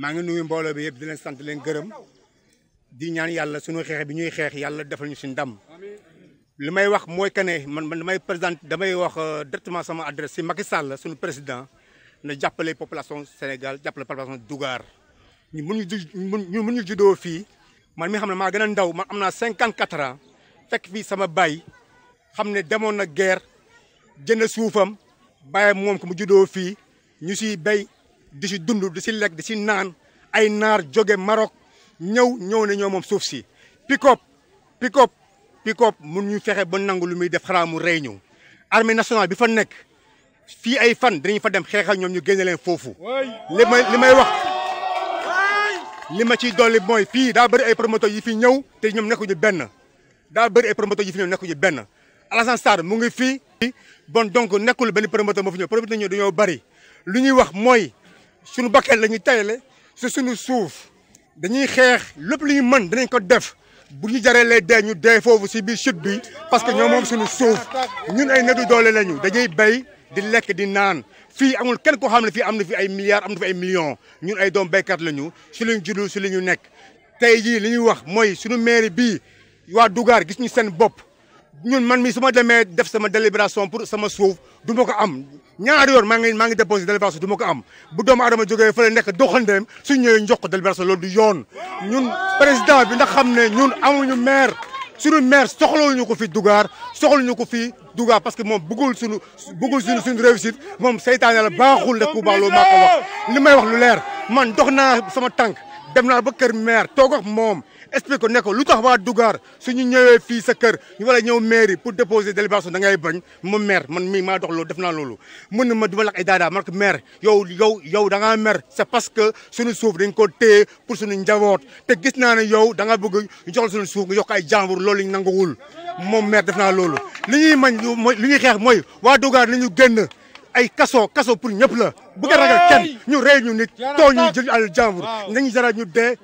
maa ngi nuyu mbooloo bi yëpp di leen sant leen gërëm di ñaan yàlla suñu xeex bi ñuy xeex yàlla defal ñu si ndam li may wax mooy que ne man man damay présenté damay wax euh, directement sama adresse si Macky Sall suñu président na jàppale population Sénégal jàppale population Dougar ñu mun ñu mun ñu juddoo fii man mi xam ne maa gën a ndaw man am naa cinquante quatre ans fekk fii sama baay xam ne demoon na guerre jënd suufam bàyyi moom ko mu juddoo fii ñu siy béy di si dund di si lekk di si naan ay naar jóge Maroc ñëw ñëw ne ñoo moom suuf si pikop pikop pikop mun ñu fexe ba nangu lu muy def xanaa mu rey ñu armée nationale bi fa nekk fii ay fan dinañ fa dem xeex ak ñoom ñu génne leen foofu li may wax li ma ciy dolli mooy fii daa bari ay promoteurs yi fi ñëw te ñoom nekkuñu benn daa bari ay promoteurs yi fi ñëw nekkuñu benn Alassane mu ngi fii bon donc nekkul benn promoteur moo fi ñëw promoteur ñëw dañoo bari lu ñuy wax mooy suñu bakkeel la ñuy tayale su suñu suuf dañuy xeex lépp lu ñu mën danañ ko def bu ñu jaree lay dee foofu si biir chute bi parce que ñoo moom suñu suuf ñun ay néew doole lañu dañuy béy di lekk di naan fii amul kenn koo xam ne fii am na fi ay milliards am na fi ay millions ñun ay doom béykat lañu si lañ judd si li ñu nekk. tey jii li ñuy wax mooy suñu mairie bi waa dugaar gis ñu seen bopp. ñun man mi su ma demee def sama délibération pour sama suuf du ma ko am ñaari yoon maa ngi maa ngi déposé délibération du ma ko am bu doomu aadama jógee fële nekk doxandeem suñ ñëwee njox ko délibération loolu du yoon ñun président bi ndax xam ne ñun amuñu maire suñu maire soxlawuñu ko fi dugaar soxlawuñu ko fi Dougar parce que moom bëggul suñu bëggul suñu suñu réussite moom seytaane la baaxul rek ku baax loolu maa ko wax li may wax lu leer man dox naa sama tànk dem naa ba kër maire toog ak moom explique ko ne ko lu tax waa Dougar suñu ñëwee fii sa kër ñu war a ñëw mairie pour déposer délibération danga ngay bañ ma maire mii maa dox loolu def naa loolu mën na ma du ma lakk ay daadaa man ko maire yow yow yow da ngaa mer c'est parce que suñu suuf dañ ko téye pour suñu njaboot te gis naa ne yow da nga bëgg ñu jox la suñu suuf nga yokk ay jàmbur loolu ñu nanguwul moom maire def naa loolu li ñuy mañ li ñuy xeex mooy waa Dougar nañu génn ay kaso kaso pour ñëpp la bu ko ragal kenn ñu rey ñu nit tooñ ñu jël àll jàmbur nañu jara ñu dee